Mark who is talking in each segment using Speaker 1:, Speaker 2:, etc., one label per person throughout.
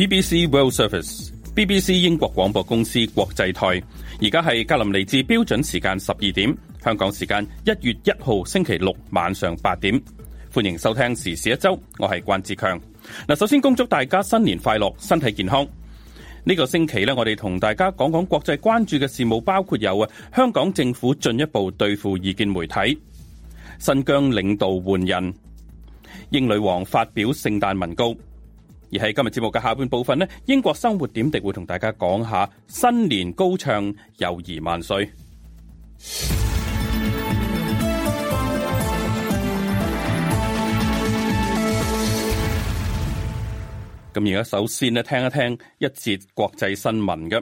Speaker 1: BBC World Service，BBC 英國廣播公司國際台。而家係格林尼治標準時間十二點，香港時間一月一號星期六晚上八點。歡迎收聽時事一周，我係關志強。嗱，首先恭祝大家新年快樂，身體健康。呢、呢個星期我哋同大家講講國際關注嘅事務，包括有啊，香港政府進一步對付異見媒體，新疆領導換人，英女王發表聖誕文告。而喺今日節目嘅下半部分呢，英國生活點滴會同大家講下新年高唱，友誼萬歲。咁而家首先咧，聽一聽一節國際新聞嘅。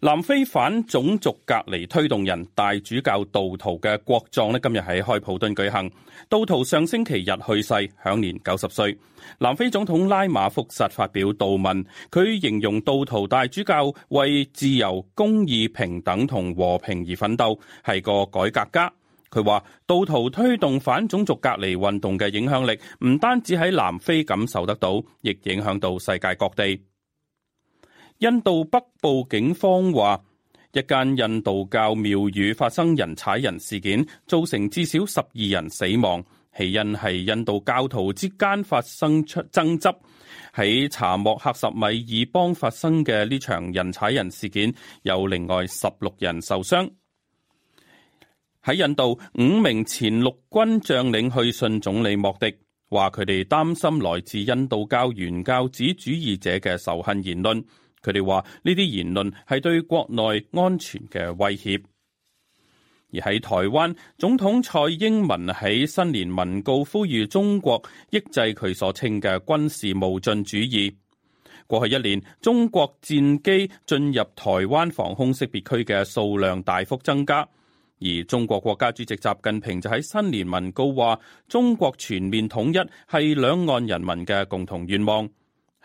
Speaker 1: 南非反種族隔離推動人大主教杜圖嘅國葬咧，今日喺開普敦舉行。杜圖上星期日去世，享年九十歲。南非總統拉馬福薩發表悼文，佢形容杜圖大主教為自由、公義、平等同和，和平而奮鬥，係個改革家。佢話杜圖推動反種族隔離運動嘅影響力，唔單止喺南非感受得到，亦影響到世界各地。印度北部警方話，一間印度教廟宇發生人踩人事件，造成至少十二人死亡。起因係印度教徒之間發生出爭執。喺查莫克什米爾邦發生嘅呢場人踩人事件，有另外十六人受傷。喺印度，五名前陸軍將領去信總理莫迪，話佢哋擔心來自印度教原教旨主義者嘅仇恨言論。佢哋話呢啲言論係對國內安全嘅威脅，而喺台灣，總統蔡英文喺新年文告呼籲中國抑制佢所稱嘅軍事冒進主義。過去一年，中國戰機進入台灣防空識別區嘅數量大幅增加，而中國國家主席習近平就喺新年文告話：中國全面統一係兩岸人民嘅共同願望。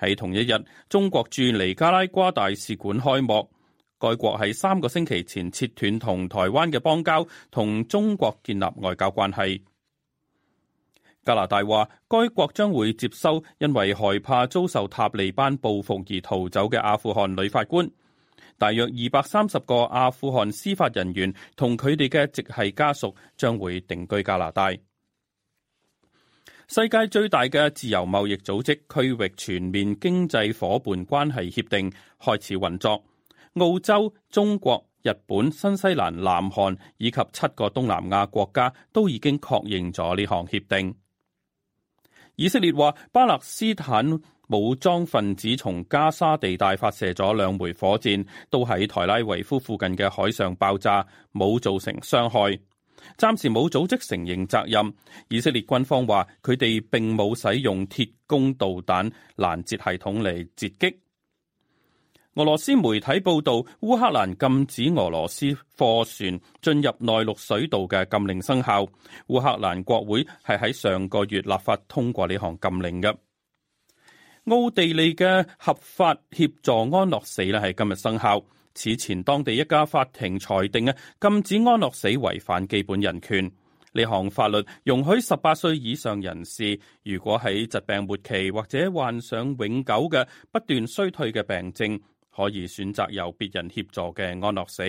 Speaker 1: 喺同一日，中國駐尼加拉瓜大使館開幕。該國喺三個星期前切斷同台灣嘅邦交，同中國建立外交關係。加拿大話，該國將會接收因為害怕遭受塔利班報復而逃走嘅阿富汗女法官，大約二百三十個阿富汗司法人員同佢哋嘅直係家屬將會定居加拿大。世界最大嘅自由貿易組織區域全面經濟伙伴關係協定開始運作。澳洲、中國、日本、新西蘭、南韓以及七個東南亞國家都已經確認咗呢項協定。以色列話，巴勒斯坦武裝分子從加沙地帶發射咗兩枚火箭，都喺台拉維夫附近嘅海上爆炸，冇造成傷害。暫時冇組織承認責任。以色列軍方話佢哋並冇使用鐵穹導彈攔截系統嚟，截擊。俄羅斯媒體報道，烏克蘭禁止俄羅斯貨船進入內陸水道嘅禁令生效。烏克蘭國會係喺上個月立法通過呢項禁令嘅。奧地利嘅合法協助安樂死咧，係今日生效。此前，當地一家法庭裁定啊，禁止安樂死違反基本人權。呢項法律容許十八歲以上人士，如果喺疾病末期或者患上永久嘅不斷衰退嘅病症，可以選擇由別人協助嘅安樂死。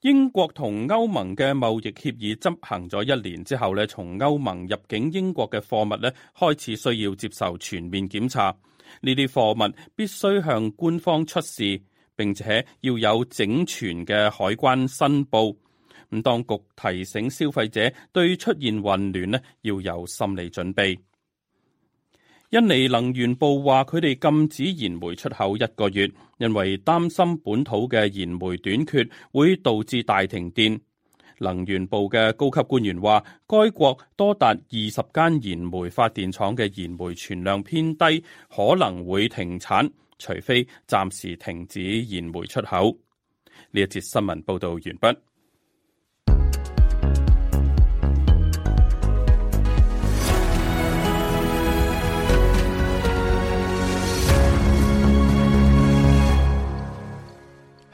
Speaker 1: 英國同歐盟嘅貿易協議執行咗一年之後呢，從歐盟入境英國嘅貨物咧，開始需要接受全面檢查。呢啲貨物必須向官方出示，並且要有整全嘅海關申報。咁當局提醒消費者對出現混亂呢，要有心理準備。印尼能源部話佢哋禁止燃煤出口一個月，因為擔心本土嘅燃煤短缺會導致大停電。能源部嘅高級官員話，該國多達二十間燃煤發電廠嘅燃煤存量偏低，可能會停產，除非暫時停止燃煤出口。呢一節新聞報道完畢。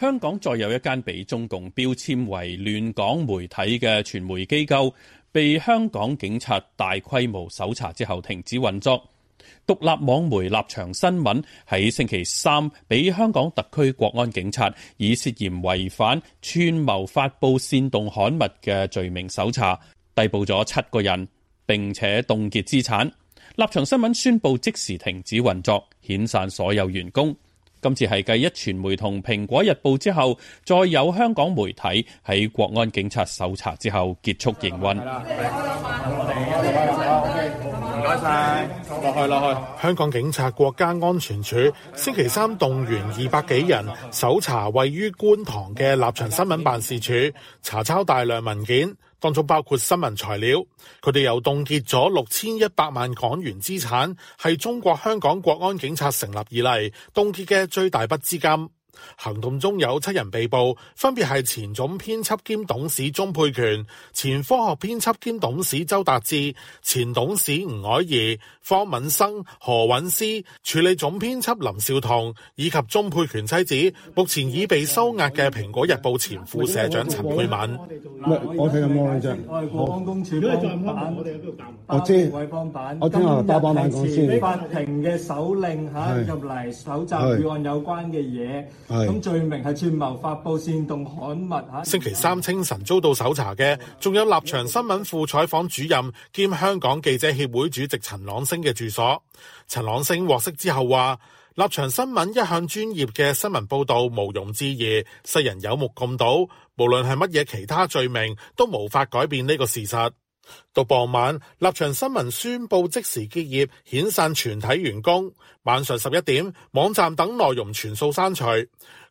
Speaker 1: 香港再有一間被中共標籤為亂港媒體嘅傳媒機構，被香港警察大規模搜查之後停止運作。獨立網媒立場新聞喺星期三被香港特區國安警察以涉嫌違反串謀發布煽動刊物嘅罪名搜查，逮捕咗七個人，並且凍結資產。立場新聞宣布即時停止運作，遣散所有員工。今次係繼一傳媒同蘋果日報之後，再有香港媒體喺國安警察搜查之後結束營運。
Speaker 2: 唔該曬，落去落去。香港警察國家安全處星期三動員二百幾人搜查位於觀塘嘅立場新聞辦事處，查抄大量文件。當中包括新聞材料，佢哋又凍結咗六千一百萬港元資產，係中國香港國安警察成立以嚟凍結嘅最大筆資金。行動中有七人被捕，分別係前總編輯兼董事鍾沛權、前科學編輯兼董事周達智、前董事吳靄儀、方敏生、何韻詩、署理總編輯林紹桐，以及鍾沛權妻子。目前已被收押嘅蘋果日報前副社長陳沛敏。我哋做嘢，
Speaker 3: 我再我哋喺度唔我我法庭嘅搜令入嚟，搜集與案有關嘅嘢。
Speaker 1: 咁罪名係串謀發布煽動刊物。
Speaker 3: 星
Speaker 2: 期三清晨遭到搜查嘅，仲有立場新聞副採訪主任兼香港記者協會主席陳朗星嘅住所。陳朗星獲悉之後話，立場新聞一向專業嘅新聞報導無庸置疑，世人有目共睹。無論係乜嘢其他罪名，都無法改變呢個事實。到傍晚，立場新聞宣布即時結業，遣散全體員工。晚上十一點，網站等內容全數刪除。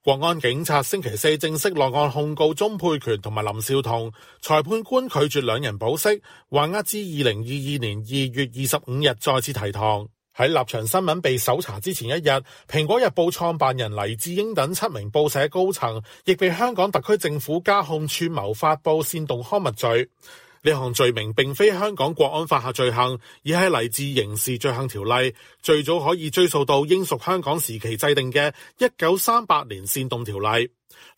Speaker 2: 國安警察星期四正式落案控告鍾佩權同埋林少彤，裁判官拒絕兩人保釋，還押至二零二二年二月二十五日再次提堂。喺立場新聞被搜查之前一日，蘋果日報創辦人黎智英等七名報社高層亦被香港特區政府加控串謀發布煽動刊物罪。呢項罪名並非香港國安法下罪行，而係嚟自刑事罪行條例，最早可以追溯到英屬香港時期制定嘅1938年煽動條例。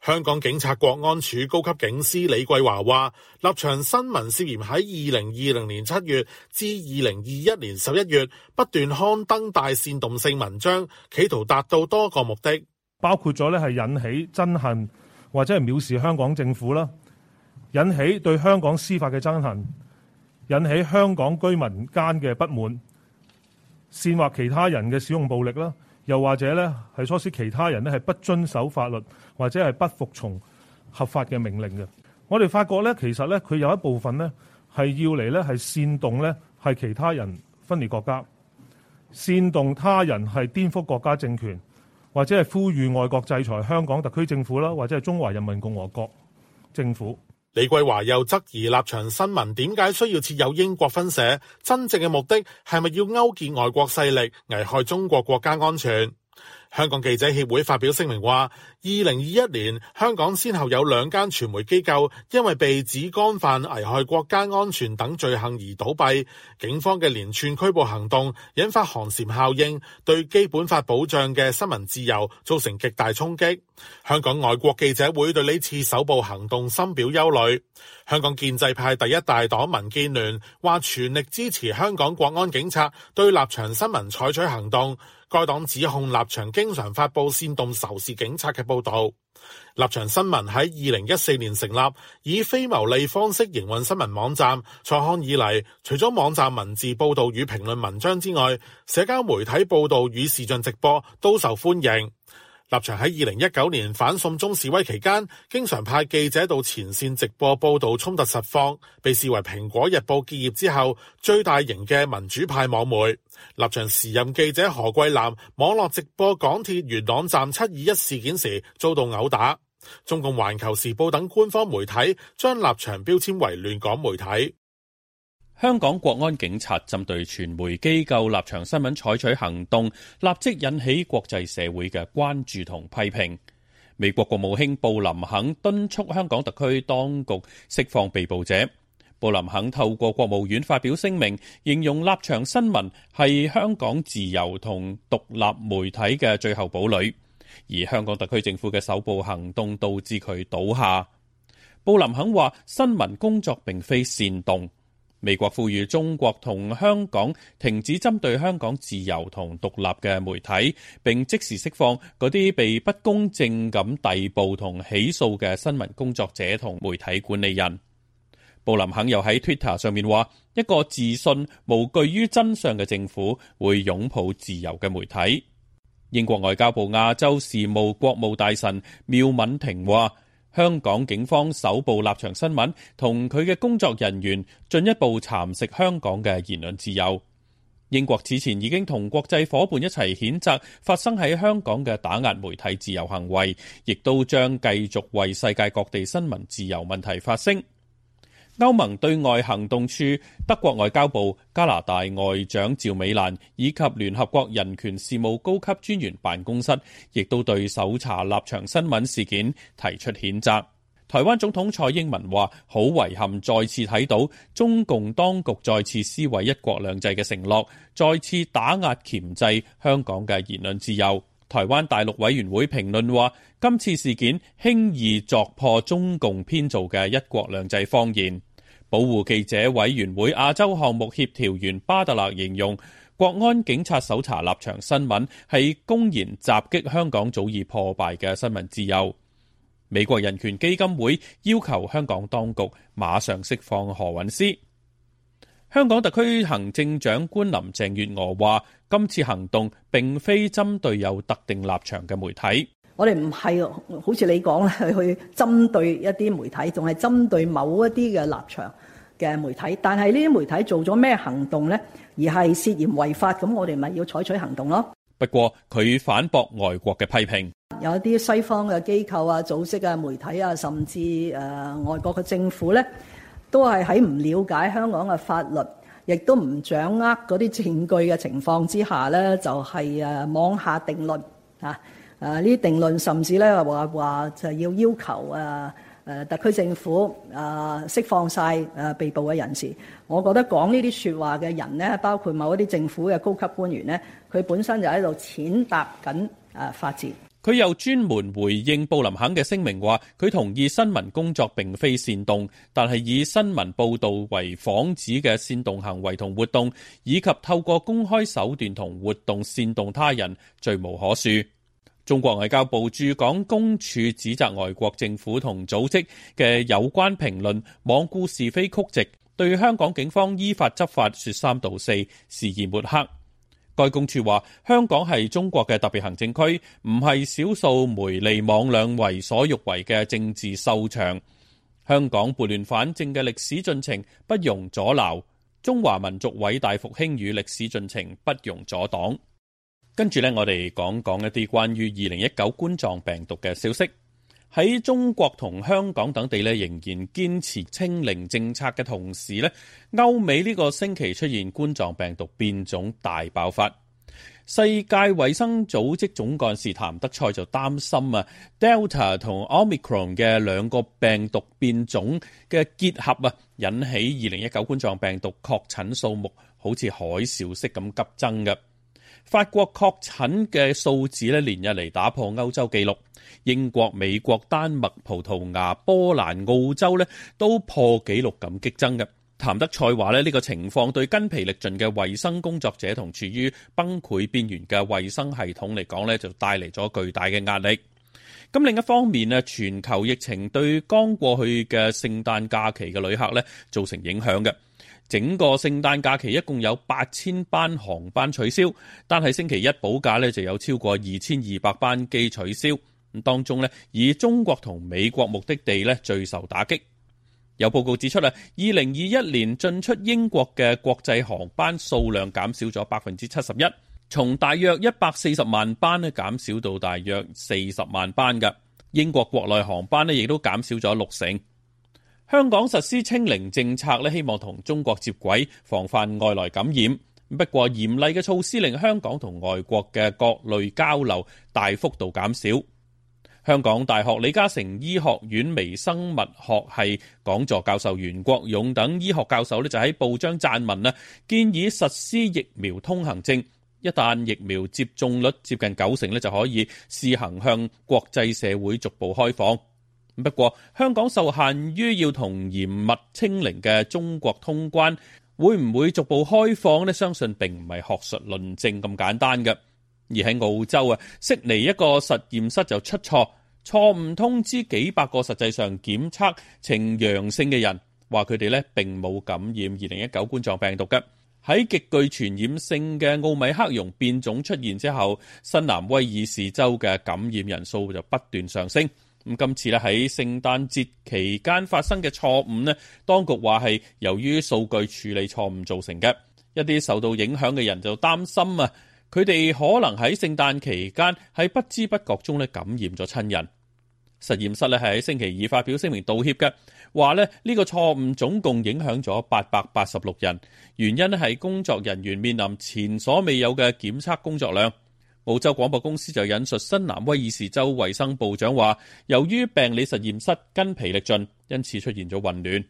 Speaker 2: 香港警察國安處高級警司李桂華話，立場新聞涉嫌喺2020年7月至2021年11月不斷刊登大煽動性文章，企圖達到多個目的，
Speaker 3: 包括咗呢係引起憎恨或者係藐視香港政府啦。引起對香港司法嘅憎恨，引起香港居民間嘅不滿，煽惑其他人嘅使用暴力啦，又或者咧係唆使其他人咧係不遵守法律，或者係不服從合法嘅命令嘅。我哋發覺咧，其實咧佢有一部分呢係要嚟咧係煽動咧係其他人分裂國家，煽動他人係顛覆國家政權，或者係呼籲外國制裁香港特區政府啦，或者係中華人民共和國政府。
Speaker 2: 李桂華又質疑立場新聞點解需要設有英國分社？真正嘅目的係咪要勾結外國勢力，危害中國國家安全？香港記者協會發表聲明話，二零二一年香港先後有兩間傳媒機構因為被指干犯危害國家安全等罪行而倒閉，警方嘅連串拘捕行動引發寒蟬效應，對基本法保障嘅新聞自由造成極大衝擊。香港外國記者會對呢次首部行動深表憂慮。香港建制派第一大黨民建聯話全力支持香港國安警察對立場新聞採取行動。該黨指控立場經常發布煽動仇視警察嘅報導。立場新聞喺二零一四年成立，以非牟利方式營運新聞網站。創刊以嚟，除咗網站文字報導與評論文章之外，社交媒體報導與視像直播都受歡迎。立場喺二零一九年反送中示威期間，經常派記者到前線直播報導衝突實況，被視為《蘋果日報》結業之後最大型嘅民主派網媒。立場時任記者何桂藍網絡直播港鐵元朗站七二一事件時遭到毆打，中共環球時報等官方媒體將立場標籤
Speaker 1: 為亂港媒體。香港國安警察針對傳媒機構立場新聞採取行動，立即引起國際社會嘅關注同批評。美國國務卿布林肯敦促香港特區當局釋放被捕者。布林肯透過國務院發表聲明，形容立場新聞係香港自由同獨立媒體嘅最後堡壘，而香港特區政府嘅首部行動導致佢倒下。布林肯話：新聞工作並非煽動，美國呼籲中國同香港停止針對香港自由同獨立嘅媒體，並即時釋放嗰啲被不公正咁逮捕同起訴嘅新聞工作者同媒體管理人。布林肯又喺 Twitter 上面話：一個自信無懼於真相嘅政府會擁抱自由嘅媒體。英國外交部亞洲事務國務大臣繆敏婷話：香港警方首部立場新聞同佢嘅工作人員進一步蠶食香港嘅言論自由。英國此前已經同國際夥伴一齊譴責發生喺香港嘅打壓媒體自由行為，亦都將繼續為世界各地新聞自由問題發聲。歐盟對外行動處、德國外交部、加拿大外長趙美蘭以及聯合國人權事務高級專員辦公室，亦都對搜查立場新聞事件提出譴責。台灣總統蔡英文話：好遺憾，再次睇到中共當局再次撕毀一國兩制嘅承諾，再次打壓鉗制香港嘅言論自由。台灣大陸委員會評論話：今次事件輕易鑿破中共編造嘅一國兩制謊言。保護記者委員會亞洲項目協調員巴特勒形容國安警察搜查立場新聞係公然襲擊香港早已破敗嘅新聞自由。美國人權基金會要求香港當局馬上釋放何韻詩。香港特區行政長官林鄭月娥話，今次行動並非針對有特定立場嘅媒體。
Speaker 4: 我哋唔係好似你講係去針對一啲媒體，仲係針對某一啲嘅立場嘅媒體。但係呢啲媒體做咗咩行動咧？而係涉嫌違法，咁我哋咪要採取行動咯。
Speaker 1: 不過佢反駁外國嘅批評，
Speaker 4: 有一啲西方嘅機構啊、組織啊、媒體啊，甚至誒、呃、外國嘅政府咧，都係喺唔了解香港嘅法律，亦都唔掌握嗰啲證據嘅情況之下咧，就係誒妄下定論啊。誒呢啲定論，甚至咧話話就係要要求誒特區政府誒釋放晒誒被捕嘅人士。我覺得講呢啲說話嘅人呢，包括某一啲政府嘅高級官員呢，佢本身就喺度踐踏緊誒法治。
Speaker 1: 佢又專門回應布林肯嘅聲明，話佢同意新聞工作並非煽動，但係以新聞報導為幌子嘅煽動行為同活動，以及透過公開手段同活動煽動他人，罪無可恕。中國外交部駐港公署指責外國政府同組織嘅有關評論罔顧是非曲直，對香港警方依法執法說三道四，肆意抹黑。該公署話：香港係中國嘅特別行政區，唔係少數魑魅魍魎為所欲為嘅政治秀場。香港撥亂反正嘅歷史進程不容阻撓，中華民族偉大復興與歷史進程不容阻擋。跟住咧，我哋講講一啲關於二零一九冠狀病毒嘅消息。喺中國同香港等地咧，仍然堅持清零政策嘅同時咧，歐美呢個星期出現冠狀病毒變種大爆發。世界衛生組織總幹事譚德塞就擔心啊，Delta 同 Omicron 嘅兩個病毒變種嘅結合啊，引起二零一九冠狀病毒確診數目好似海嘯式咁急增嘅。法國確診嘅數字呢，連日嚟打破歐洲紀錄，英國、美國、丹麥、葡萄牙、波蘭、澳洲呢都破紀錄咁激增嘅。譚德賽話呢，呢個情況對筋疲力盡嘅衛生工作者同處於崩潰邊緣嘅衛生系統嚟講呢就帶嚟咗巨大嘅壓力。咁另一方面呢，全球疫情對剛過去嘅聖誕假期嘅旅客呢造成影響嘅。整個聖誕假期一共有八千班航班取消，但係星期一補假呢就有超過二千二百班機取消。咁當中呢以中國同美國目的地呢最受打擊。有報告指出啦，二零二一年進出英國嘅國際航班數量減少咗百分之七十一，從大約一百四十萬班呢減少到大約四十萬班嘅。英國國內航班呢亦都減少咗六成。香港實施清零政策呢，希望同中國接軌，防範外來感染。不過嚴厲嘅措施令香港同外國嘅各類交流大幅度減少。香港大學李嘉誠醫學院微生物學系講座教授袁國勇等醫學教授呢，就喺報章撰文呢，建議實施疫苗通行證，一旦疫苗接種率接近九成呢，就可以試行向國際社會逐步開放。不過香港受限於要同嚴密清零嘅中國通關，會唔會逐步開放呢？相信並唔係學術論證咁簡單嘅。而喺澳洲啊，悉尼一個實驗室就出錯，錯誤通知幾百個實際上檢測呈陽性嘅人，話佢哋呢並冇感染二零一九冠狀病毒嘅。喺極具傳染性嘅奧米克戎變種出現之後，新南威爾士州嘅感染人數就不斷上升。咁今次咧喺聖誕節期間發生嘅錯誤咧，當局話係由於數據處理錯誤造成嘅，一啲受到影響嘅人就擔心啊，佢哋可能喺聖誕期間喺不知不覺中咧感染咗親人。實驗室咧係喺星期二發表聲明道歉嘅，話咧呢個錯誤總共影響咗八百八十六人，原因咧係工作人員面臨前所未有嘅檢測工作量。澳洲廣播公司就引述新南威爾士州衛生部長話，由於病理實驗室筋疲力盡，因此出現咗混亂。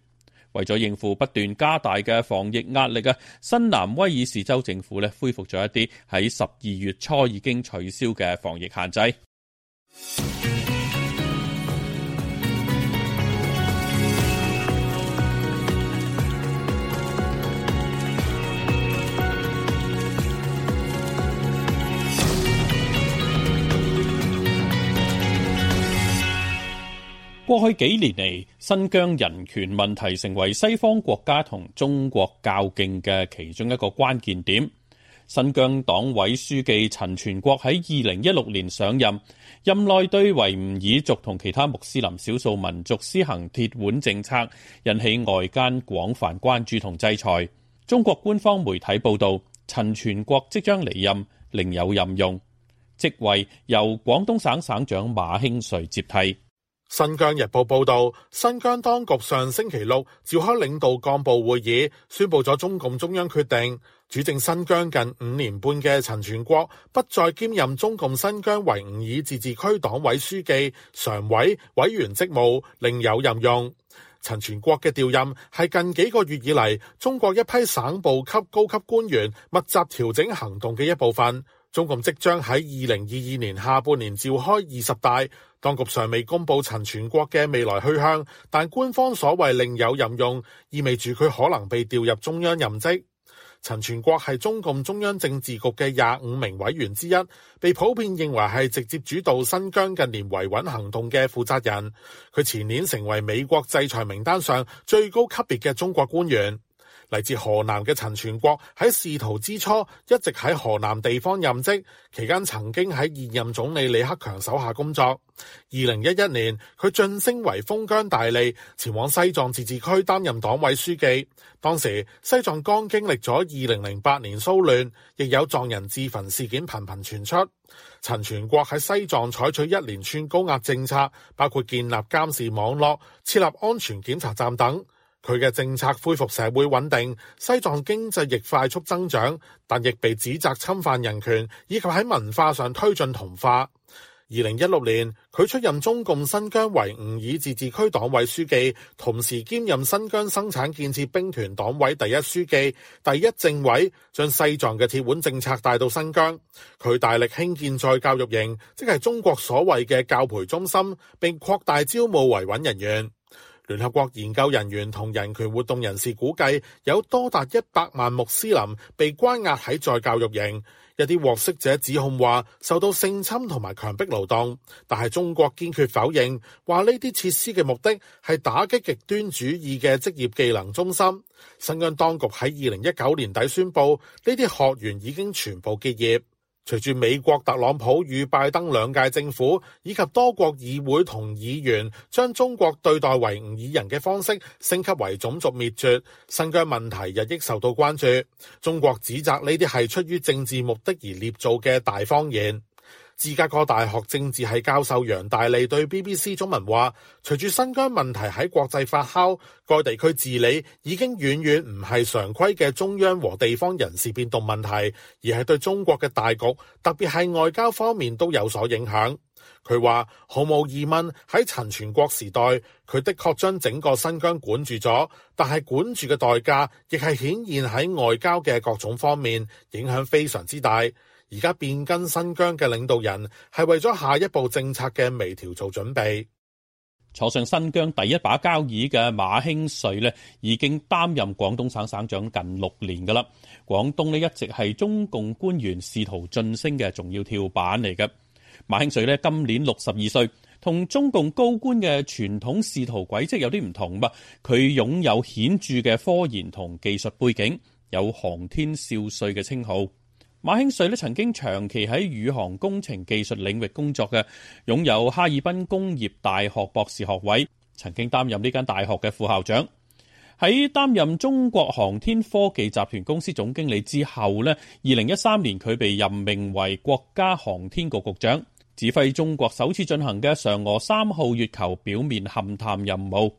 Speaker 1: 為咗應付不斷加大嘅防疫壓力啊，新南威爾士州政府咧恢復咗一啲喺十二月初已經取消嘅防疫限制。過去幾年嚟，新疆人權問題成為西方國家同中國較勁嘅其中一個關鍵點。新疆黨委書記陳全國喺二零一六年上任，任內對維吾爾族同其他穆斯林少數民族施行鐵腕政策，引起外間廣泛關注同制裁。中國官方媒體報導，陳全國即將離任，另有任用，職位由廣東省省長馬興瑞接替。
Speaker 2: 新疆日報報道，新疆當局上星期六召開領導幹部會議，宣佈咗中共中央決定，主政新疆近五年半嘅陳全國不再兼任中共新疆維吾爾自治區黨委書記、常委、委員職務，另有任用。陳全國嘅調任係近幾個月以嚟中國一批省部級高級官員密集調整行動嘅一部分。中共即將喺二零二二年下半年召開二十大。當局尚未公佈陳全國嘅未來去向，但官方所謂另有任用，意味住佢可能被調入中央任職。陳全國係中共中央政治局嘅廿五名委員之一，被普遍認為係直接主導新疆近年維穩行動嘅負責人。佢前年成為美國制裁名單上最高級別嘅中國官員。嚟自河南嘅陳全國喺仕途之初一直喺河南地方任職，期間曾經喺現任總理李克強手下工作。二零一一年，佢晉升為封疆大吏，前往西藏自治區擔任黨委書記。當時西藏剛經歷咗二零零八年騷亂，亦有藏人自焚事件頻頻傳出。陳全國喺西藏採取一連串高壓政策，包括建立監視網絡、設立安全檢查站等。佢嘅政策恢復社會穩定，西藏經濟亦快速增長，但亦被指責侵犯人權以及喺文化上推進同化。二零一六年，佢出任中共新疆維吾爾自治區黨委書記，同時兼任新疆生產建設兵團黨委第一書記、第一政委，將西藏嘅鐵腕政策帶到新疆。佢大力興建再教育營，即係中國所謂嘅教培中心，並擴大招募維穩人員。聯合國研究人員同人權活動人士估計，有多達一百萬穆斯林被關押喺再教育營。一啲獲釋者指控話受到性侵同埋強迫勞動，但係中國堅決否認，話呢啲設施嘅目的係打擊極端主義嘅職業技能中心。新疆當局喺二零一九年底宣布，呢啲學員已經全部結業。隨住美國特朗普與拜登兩屆政府，以及多國議會同議員將中國對待維吾爾人嘅方式升級為種族滅絕，新疆問題日益受到關注。中國指責呢啲係出於政治目的而捏造嘅大謊言。芝加哥大學政治系教授楊大利對 BBC 中文話，隨住新疆問題喺國際發酵，該地區治理已經遠遠唔係常規嘅中央和地方人事變動問題，而係對中國嘅大局，特別係外交方面都有所影響。佢話，毫無疑問喺陳全國時代，佢的確將整個新疆管住咗，但係管住嘅代價，亦係顯現喺外交嘅各種方面，影響非常之大。而家變更新疆嘅領導人，係為咗下一步政策嘅微調做
Speaker 1: 準備。坐上新疆第一把交椅嘅馬興瑞呢，已經擔任廣東省省長近六年噶啦。廣東呢，一直係中共官員仕途晉升嘅重要跳板嚟嘅。馬興瑞呢，今年六十二歲，同中共高官嘅傳統仕途軌跡有啲唔同噃，佢擁有顯著嘅科研同技術背景，有航天少帥嘅稱號。馬興瑞呢，曾經長期喺宇航工程技術領域工作嘅，擁有哈爾濱工業大學博士學位，曾經擔任呢間大學嘅副校長。喺擔任中國航天科技集團公司總經理之後呢，二零一三年佢被任命為國家航天局局長，指揮中國首次進行嘅嫦娥三號月球表面勘探任務。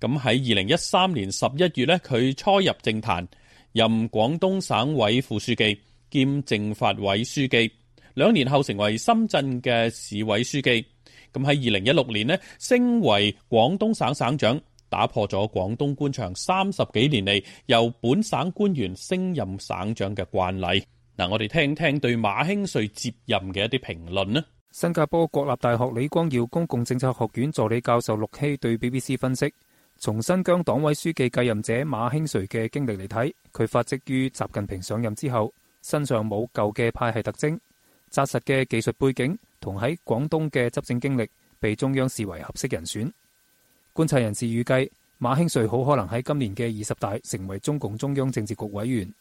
Speaker 1: 咁喺二零一三年十一月呢，佢初入政壇，任廣東省委副書記。兼政法委書記，兩年後成為深圳嘅市委書記。咁喺二零一六年呢，升為廣東省省長，打破咗廣東官場三十幾年嚟由本省官員升任省長嘅慣例。嗱，我哋聽聽
Speaker 5: 對馬興瑞接任嘅一啲評論呢？新加坡國立大學李光耀公共政策學院助理教授陸希對 BBC 分析：從新疆黨委書記繼任者馬興瑞嘅經歷嚟睇，佢發迹於習近平上任之後。身上冇舊嘅派系特徵，紮實嘅技術背景同喺廣東嘅執政經歷，被中央視為合適人選。觀察人士預計馬興瑞好可能喺今年嘅二十大成為中共中央政治局委員。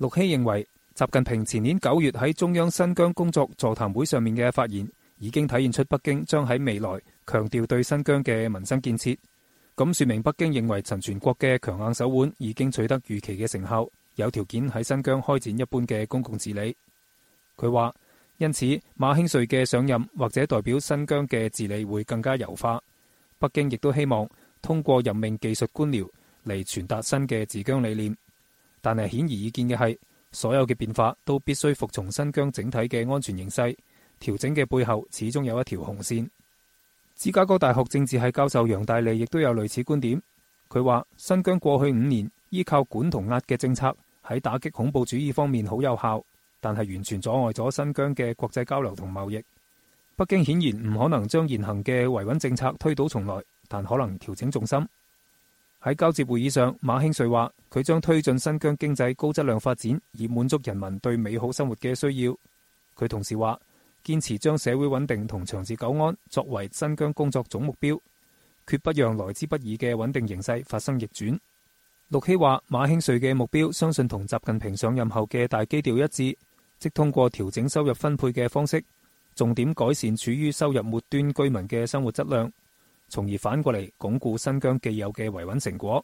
Speaker 5: 陸希認為，習近平前年九月喺中央新疆工作座談會上面嘅發言，已經體現出北京將喺未來強調對新疆嘅民生建設。咁說明北京認為陳全國嘅強硬手腕已經取得預期嘅成效。有條件喺新疆開展一般嘅公共治理。佢話，因此馬興瑞嘅上任或者代表新疆嘅治理會更加柔化。北京亦都希望通過任命技術官僚嚟傳達新嘅治疆理念。但係顯而易見嘅係，所有嘅變化都必須服從新疆整體嘅安全形勢，調整嘅背後始終有一條紅線。芝加哥大學政治系教授楊大利亦都有類似觀點，佢話新疆過去五年依靠管同壓嘅政策喺打擊恐怖主義方面好有效，但係完全阻礙咗新疆嘅國際交流同貿易。北京顯然唔可能將現行嘅維穩政策推倒重來，但可能調整重心。喺交接會議上，馬興瑞話佢將推進新疆經濟高質量發展，以滿足人民對美好生活嘅需要。佢同時話，堅持將社會穩定同長治久安作為新疆工作總目標，決不讓來之不易嘅穩定形勢發生逆轉。陸希話：馬興瑞嘅目標，相信同習近平上任後嘅大基調一致，即通過調整收入分配嘅方式，重點改善處於收入末端居民嘅生活質量，從而反過嚟鞏固新疆既有嘅維穩成果。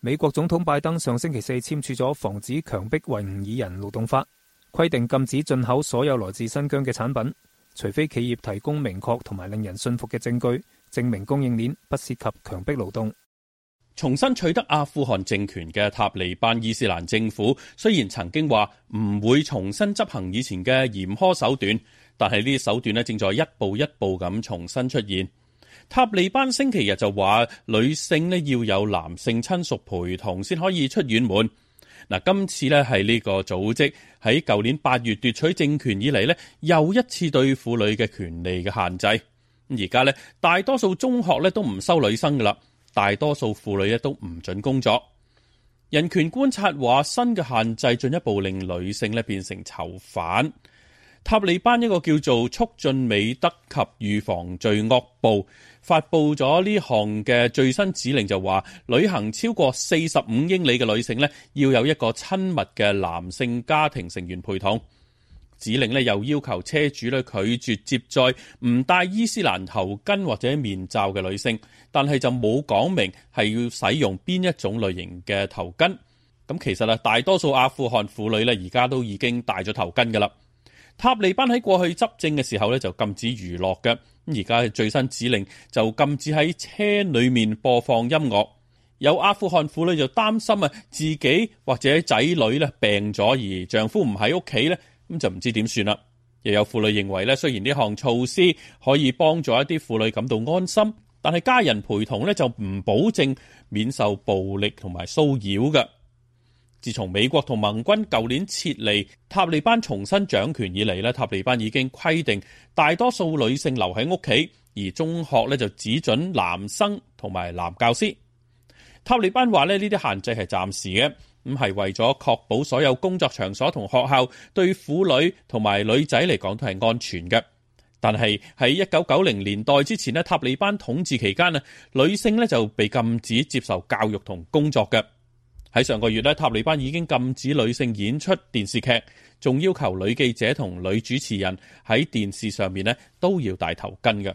Speaker 5: 美國總統拜登上星期四簽署咗防止強迫維吾爾人勞動法，規定禁止進口所有來自新疆嘅產品，除非企業提供明確同埋令人信服嘅證據，證明供應鏈不涉及強迫勞動。重新取得阿富
Speaker 1: 汗政權嘅塔利班伊斯蘭政府，雖然曾經話唔會重新執行以前嘅嚴苛手段，但係呢啲手段咧正在一步一步咁重新出現。塔利班星期日就話，女性咧要有男性親屬陪同先可以出遠門。嗱，今次咧係呢個組織喺舊年八月奪取政權以嚟咧，又一次對婦女嘅權利嘅限制。而家咧，大多數中學咧都唔收女生噶啦。大多數婦女咧都唔準工作。人權觀察話，新嘅限制進一步令女性咧變成囚犯。塔利班一個叫做促進美德及預防罪惡部發佈咗呢項嘅最新指令，就話，就話旅行超過四十五英里嘅女性要有一個親密嘅男性家庭成員陪同。指令咧又要求車主咧拒絕接載唔戴伊斯蘭頭巾或者面罩嘅女性，但係就冇講明係要使用邊一種類型嘅頭巾。咁其實啊，大多數阿富汗婦女咧而家都已經戴咗頭巾㗎喇。塔利班喺過去執政嘅時候咧就禁止娛樂㗎，咁而家最新指令就禁止喺車裡面播放音樂。有阿富汗婦女就擔心啊，自己或者仔女咧病咗，而丈夫唔喺屋企咧。咁就唔知點算啦。又有婦女認為咧，雖然呢項措施可以幫助一啲婦女感到安心，但係家人陪同咧就唔保證免受暴力同埋騷擾嘅。自從美國同盟軍舊年撤離，塔利班重新掌權以嚟呢，塔利班已經規定大多數女性留喺屋企，而中學咧就只准男生同埋男教師。塔利班話咧，呢啲限制係暫時嘅。咁係為咗確保所有工作場所同學校對婦女同埋女仔嚟講都係安全嘅。但係喺一九九零年代之前呢，塔利班統治期間呢，女性呢就被禁止接受教育同工作嘅。喺上個月呢，塔利班已經禁止女性演出電視劇，仲要求女記者同女主持人喺電視上面呢都要戴頭巾嘅。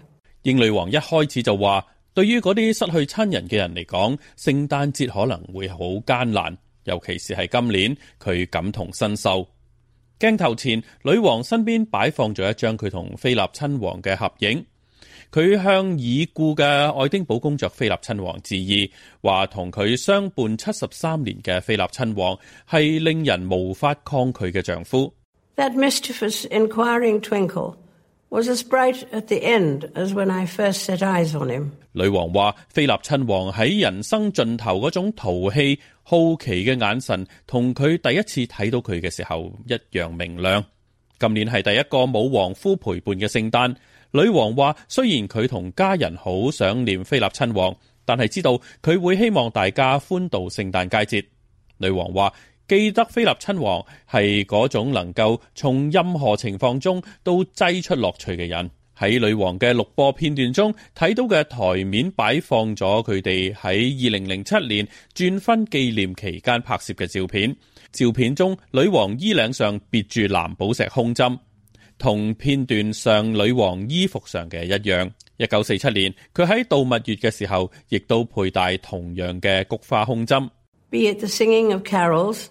Speaker 1: 英女王一開始就話，對於嗰啲失去親人嘅人嚟講，聖誕節可能會好艱難，尤其是係今年，佢感同身受。鏡頭前，女王身邊擺放咗一張佢同菲臘親王嘅合影，佢向已故嘅愛丁堡公爵菲臘親王致意，話同佢相伴七十三年嘅菲臘親王係令人無法抗拒嘅丈夫。That 女王話：菲立親王喺人生盡頭嗰種淘氣好奇嘅眼神，同佢第一次睇到佢嘅時候一樣明亮。今年係第一個冇王夫陪伴嘅聖誕。女王話：雖然佢同家人好想念菲立親王，但係知道佢會希望大家歡度聖誕佳節。女王話。記得菲立親王係嗰種能夠從任何情況中都擠出樂趣嘅人。喺女王嘅錄播片段中睇到嘅，台面擺放咗佢哋喺二零零七年鑽婚紀念期間拍攝嘅照片。照片中女王衣領上別住藍寶石胸針，同片段上女王衣服上嘅一樣。一九四七年佢喺度蜜月嘅時候，亦都佩戴同樣嘅菊花胸針。
Speaker 4: Be it the singing of carols.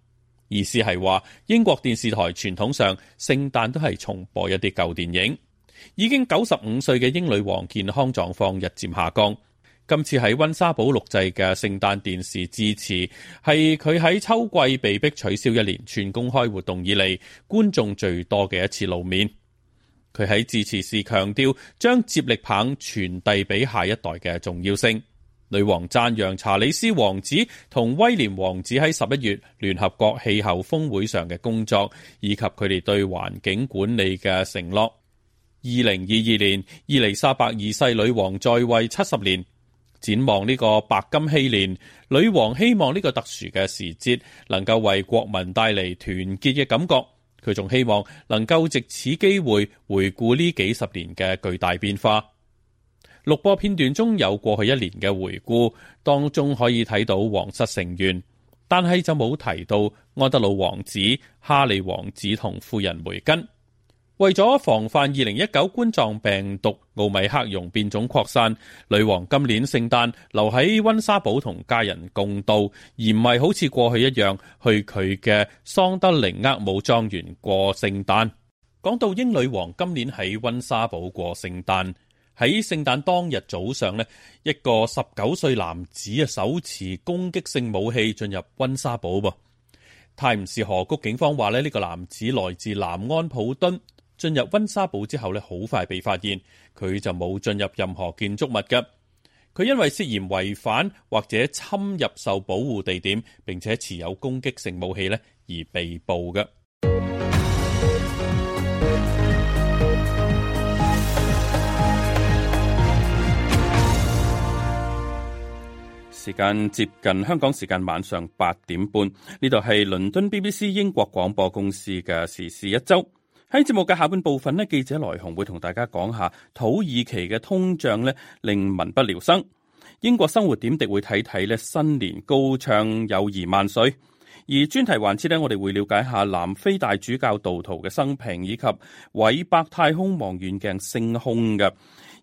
Speaker 1: 意思係話，英國電視台傳統上聖誕都係重播一啲舊電影。已經九十五歲嘅英女王健康狀況日漸下降，今次喺溫莎堡錄製嘅聖誕電視致辭係佢喺秋季被迫取消一年全公開活動以嚟，觀眾最多嘅一次露面。佢喺致辭時強調將接力棒傳遞俾下一代嘅重要性。女王讚揚查理斯王子同威廉王子喺十一月聯合國氣候峰會上嘅工作，以及佢哋對環境管理嘅承諾。二零二二年，伊利沙伯二世女王在位七十年，展望呢個白金禧年，女王希望呢個特殊嘅時節能夠為國民帶嚟團結嘅感覺。佢仲希望能夠藉此機會回顧呢幾十年嘅巨大變化。錄播片段中有過去一年嘅回顧，當中可以睇到皇室成員，但係就冇提到安德魯王子、哈利王子同夫人梅根。為咗防範二零一九冠狀病毒奧米克戎變種擴散，女王今年聖誕留喺温莎堡同家人共度，而唔係好似過去一樣去佢嘅桑德靈厄姆莊園過聖誕。講到英女王今年喺温莎堡過聖誕。喺聖誕當日早上呢，呢一個十九歲男子啊，手持攻擊性武器進入溫莎堡噃。泰晤士河谷警方話呢，呢個男子來自南安普敦。進入溫莎堡之後呢，好快被發現，佢就冇進入任何建築物㗎。佢因為涉嫌違反或者侵入受保護地點，並且持有攻擊性武器呢而被捕嘅。時間接近香港時間晚上八點半，呢度係倫敦 BBC 英國廣播公司嘅時事一周。喺節目嘅下半部分呢記者來鴻會同大家講下土耳其嘅通脹呢令民不聊生。英國生活點滴會睇睇呢新年高唱友誼萬歲。而專題環節呢，我哋會了解下南非大主教杜圖嘅生平以及韋伯太空望遠鏡升空嘅。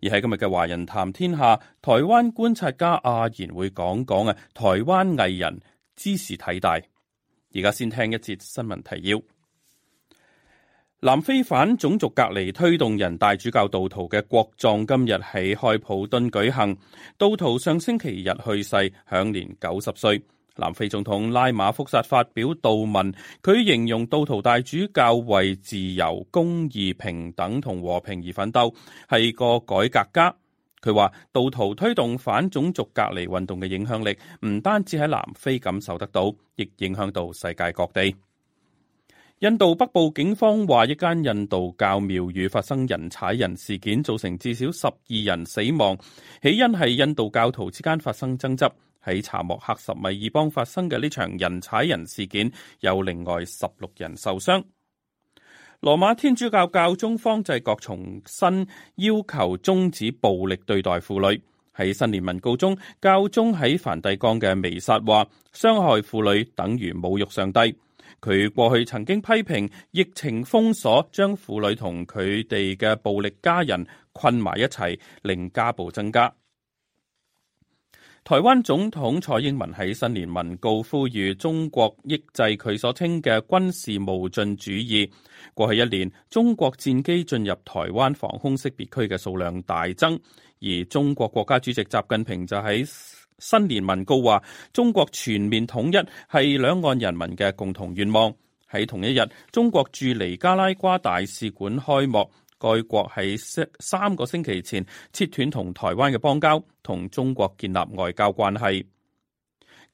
Speaker 1: 而喺今日嘅華人談天下，台灣觀察家阿賢會講講啊，台灣藝人茲事體大。而家先聽一節新聞提要。南非反種族隔離推動人大主教杜圖嘅國葬今日喺開普敦舉行，杜圖上星期日去世，享年九十歲。南非總統拉馬福薩發表悼文，佢形容杜圖大主教為自由、公義、平等同和,和平而奮鬥，係個改革家。佢話杜圖推動反種族隔離運動嘅影響力，唔單止喺南非感受得到，亦影響到世界各地。印度北部警方話，一間印度教廟宇發生人踩人事件，造成至少十二人死亡，起因係印度教徒之間發生爭執。喺查莫克什米爾邦發生嘅呢場人踩人事件，有另外十六人受傷。羅馬天主教教宗方濟各重申要求終止暴力對待婦女。喺新年文告中，教宗喺梵蒂岡嘅彌撒話：傷害婦女等於侮辱上帝。佢過去曾經批評疫情封鎖將婦女同佢哋嘅暴力家人困埋一齊，令家暴增加。台灣總統蔡英文喺新年文告呼籲中國抑制佢所稱嘅軍事冒進主義。過去一年，中國戰機進入台灣防空識別區嘅數量大增，而中國國家主席習近平就喺新年文告話：中國全面統一係兩岸人民嘅共同願望。喺同一日，中國駐尼加拉瓜大使館開幕。該國喺三個星期前切斷同台灣嘅邦交，同中國建立外交關係。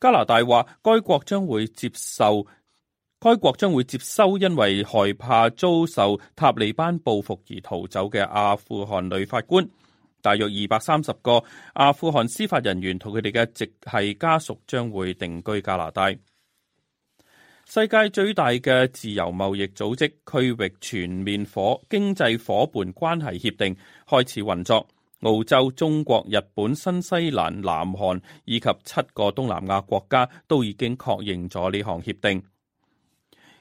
Speaker 1: 加拿大話，該國將會接受，該國將會接收，因為害怕遭受塔利班報復而逃走嘅阿富汗女法官，大約二百三十個阿富汗司法人員同佢哋嘅直系家屬將會定居加拿大。世界最大嘅自由貿易組織區域全面火經濟夥伴關係協定開始運作，澳洲、中國、日本、新西蘭、南韓以及七個東南亞國家都已經確認咗呢項協定。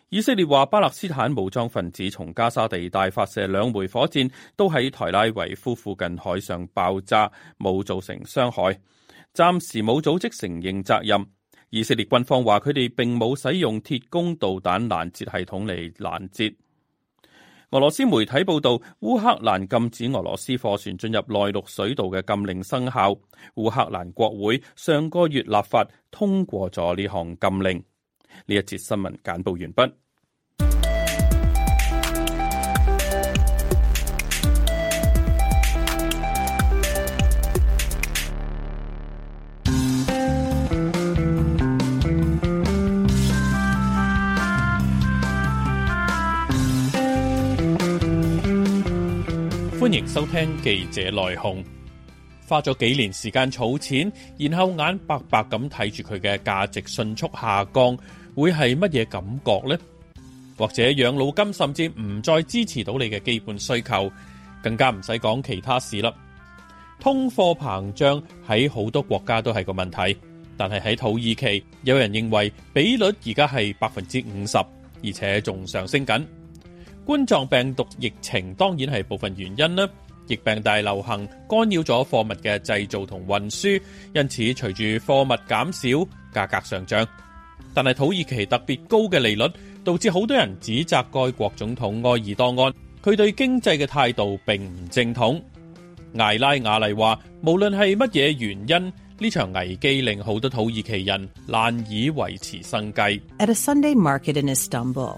Speaker 1: 以色列話，巴勒斯坦武裝分子從加沙地帶發射兩枚火箭，都喺台拉維夫附近海上爆炸，冇造成傷害，暫時冇組織承認責任。以色列軍方話佢哋並冇使用鐵穹導彈攔截系統嚟攔截。俄羅斯媒體報導，烏克蘭禁止俄羅斯貨船進入內陸水道嘅禁令生效。烏克蘭國會上個月立法通過咗呢項禁令。呢一節新聞簡報完畢。歡迎收聽記者來鴻。花咗幾年時間儲錢，然後眼白白咁睇住佢嘅價值迅速下降，會係乜嘢感覺呢？或者養老金甚至唔再支持到你嘅基本需求，更加唔使講其他事啦。通貨膨脹喺好多國家都係個問題，但係喺土耳其，有人認為比率而家係百分之五十，而且仲上升緊。冠狀病毒疫情當然係部分原因啦，疫病大流行干擾咗貨物嘅製造同運輸，因此隨住貨物減少，價格上漲。但係土耳其特別高嘅利率，導致好多人指責該國總統埃爾多安，佢對經濟嘅態度並唔正統。艾拉雅麗話：無論係乜嘢原因，呢場危機令好多土耳其人難以維持生計。At a Sunday market in Istanbul.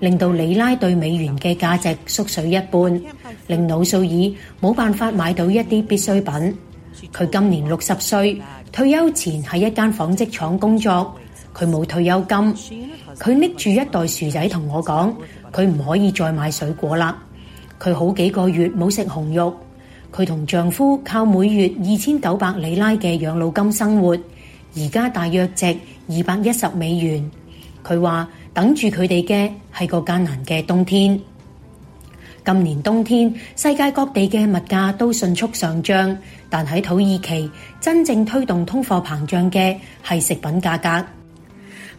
Speaker 4: 令到里拉對美元嘅價值縮水一半，令老素爾冇辦法買到一啲必需品。佢今年六十歲，退休前喺一間紡織廠工作，佢冇退休金，佢拎住一袋薯仔同我講，佢唔可以再買水果啦。佢好幾個月冇食紅肉，佢同丈夫靠每月二千九百里拉嘅養老金生活，而家大約值二百一十美元。佢話。等住佢哋嘅，係個艱難嘅冬天。今年冬天，世界各地嘅物價都迅速上漲，但喺土耳其，真正推動通貨膨脹嘅係食品價格。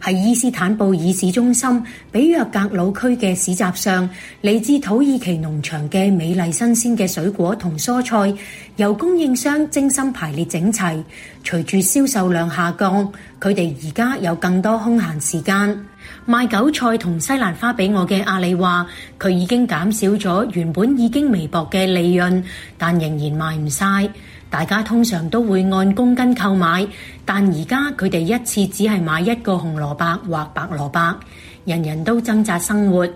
Speaker 4: 喺伊斯坦布爾市中心比約格魯區嘅市集上，來自土耳其農場嘅美麗新鮮嘅水果同蔬菜，由供應商精心排列整齊。隨住銷售量下降，佢哋而家有更多空閒時間。賣韭菜同西蘭花俾我嘅阿里話，佢已經減少咗原本已經微薄嘅利潤，但仍然賣唔晒。大家通常都會按公斤購買，但而家佢哋一次只係買一個紅蘿蔔或白蘿蔔。人人都掙扎生活，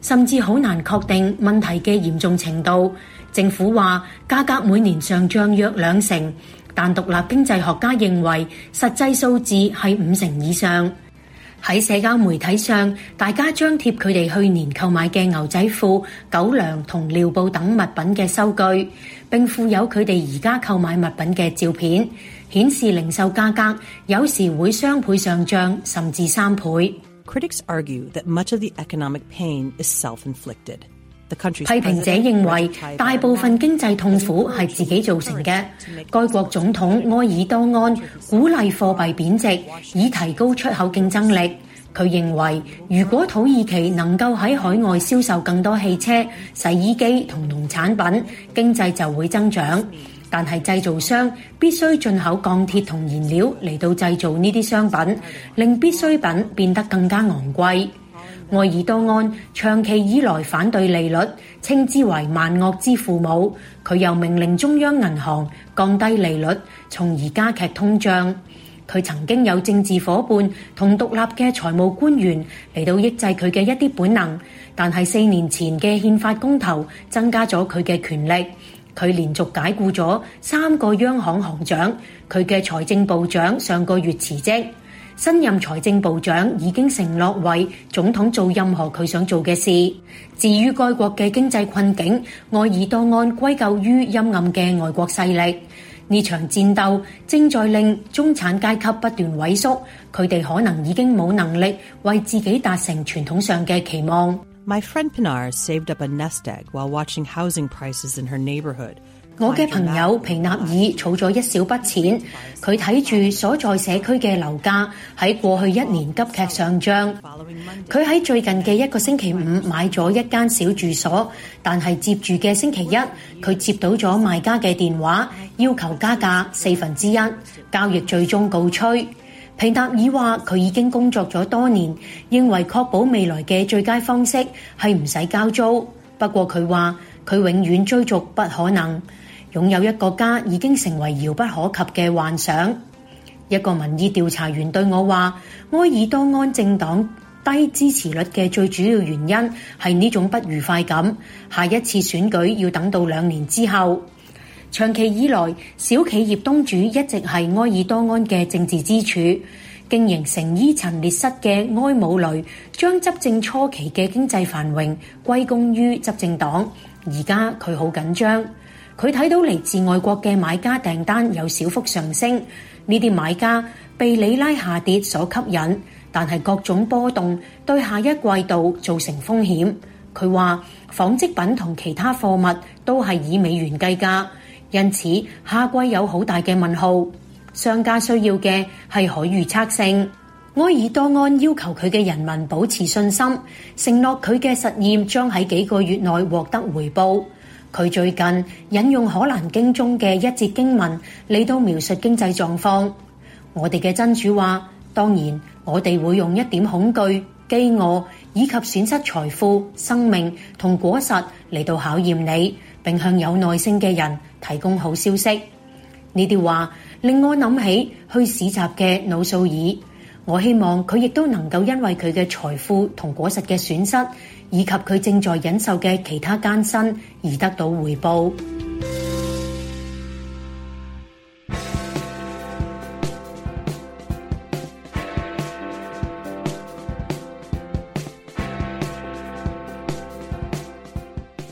Speaker 4: 甚至好難確定問題嘅嚴重程度。政府話價格每年上漲約兩成，但獨立經濟學家認為實際數字係五成以上。喺社交媒體上，大家張貼佢哋去年購買嘅牛仔褲、狗糧同尿布等物品嘅收據，並附有佢哋而家購買物品嘅照片，顯示零售價格，有時會雙倍上漲，甚至三倍。Critics argue that much of the economic pain is self-inflicted. 批評者認為大部分經濟痛苦係自己造成嘅。該國總統埃爾多安鼓勵貨幣貶值，以提高出口競爭力。佢認為，如果土耳其能夠喺海外銷售更多汽車、洗衣機同農產品，經濟就會增長。但係製造商必須進口鋼鐵同燃料嚟到製造呢啲商品，令必需品變得更加昂貴。愛爾多安長期以來反對利率，稱之為「萬惡之父母」。佢又命令中央銀行降低利率，從而加劇通脹。佢曾經有政治伙伴同獨立嘅財務官員嚟到抑制佢嘅一啲本能，但係四年前嘅憲法公投增加咗佢嘅權力。佢連續解僱咗三個央行行長，佢嘅財政部長上個月辭職。新任財政部長已經承諾為總統做任何佢想做嘅事。至於該國嘅經濟困境，愛爾多安歸咎於陰暗嘅外國勢力。呢場戰鬥正在令中產階級不斷萎縮，佢哋可能已經冇能力為自己達成傳統上嘅期望。My friend Pinar saved up a nest egg while watching housing prices in her neighborhood. 我嘅朋友皮納爾儲咗一小筆錢，佢睇住所在社區嘅樓價喺過去一年急劇上漲，佢喺最近嘅一個星期五買咗一間小住所，但係接住嘅星期一佢接到咗賣家嘅電話，要求加價四分之一，交易最終告吹。皮納爾話佢已經工作咗多年，認為確保未來嘅最佳方式係唔使交租，不過佢話佢永遠追逐不可能。擁有一個家已經成為遙不可及嘅幻想。一個民意調查員對我話：埃爾多安政黨低支持率嘅最主要原因係呢種不愉快感。下一次選舉要等到兩年之後。長期以來，小企業東主一直係埃爾多安嘅政治支柱。經營成衣陳列室嘅埃姆雷將執政初期嘅經濟繁榮歸功於執政黨，而家佢好緊張。佢睇到嚟自外國嘅買家訂單有小幅上升，呢啲買家被里拉下跌所吸引，但係各種波動對下一季度造成風險。佢話紡織品同其他貨物都係以美元計價，因此下季有好大嘅問號。商家需要嘅係可預測性。埃爾多安要求佢嘅人民保持信心，承諾佢嘅實驗將喺幾個月內獲得回報。佢最近引用《可蘭經》中嘅一節經文，嚟到描述經濟狀況。我哋嘅真主話：當然，我哋會用一點恐懼、飢餓以及損失財富、生命同果實嚟到考驗你，並向有耐性嘅人提供好消息。呢啲話令我諗起去市集嘅努素爾。我希望佢亦都能夠因為佢嘅財富同果實嘅損失，以及佢正在忍受嘅其他艱辛而得到回報。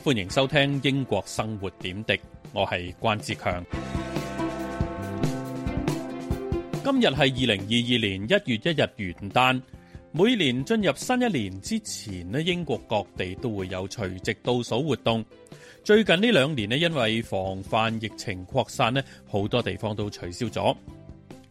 Speaker 1: 歡迎收聽《英國生活點滴》，我係關志強。今日係二零二二年一月一日，元旦。每年進入新一年之前咧英國各地都會有除夕倒數活動。最近呢兩年因為防範疫情擴散咧，好多地方都取消咗。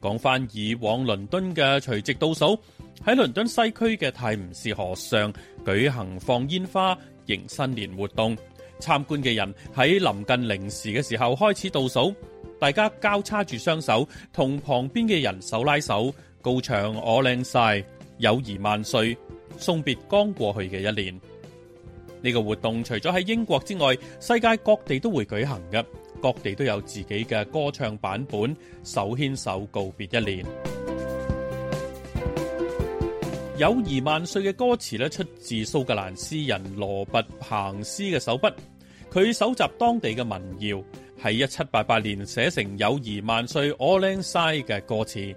Speaker 1: 講翻以往倫敦嘅除夕倒數喺倫敦西區嘅泰晤士河上舉行放煙花迎新年活動，參觀嘅人喺臨近零時嘅時候開始倒數，大家交叉住雙手，同旁邊嘅人手拉手，高唱「我靚晒」。友誼萬歲，送別剛過去嘅一年。呢、這個活動除咗喺英國之外，世界各地都會舉行嘅，各地都有自己嘅歌唱版本，手牽手告別一年。 友誼萬歲嘅歌詞咧出自蘇格蘭詩人羅拔彭斯嘅手筆，佢搜集當地嘅民謠，喺一七八八年寫成友誼萬歲 Auld Lang Syne 嘅歌詞。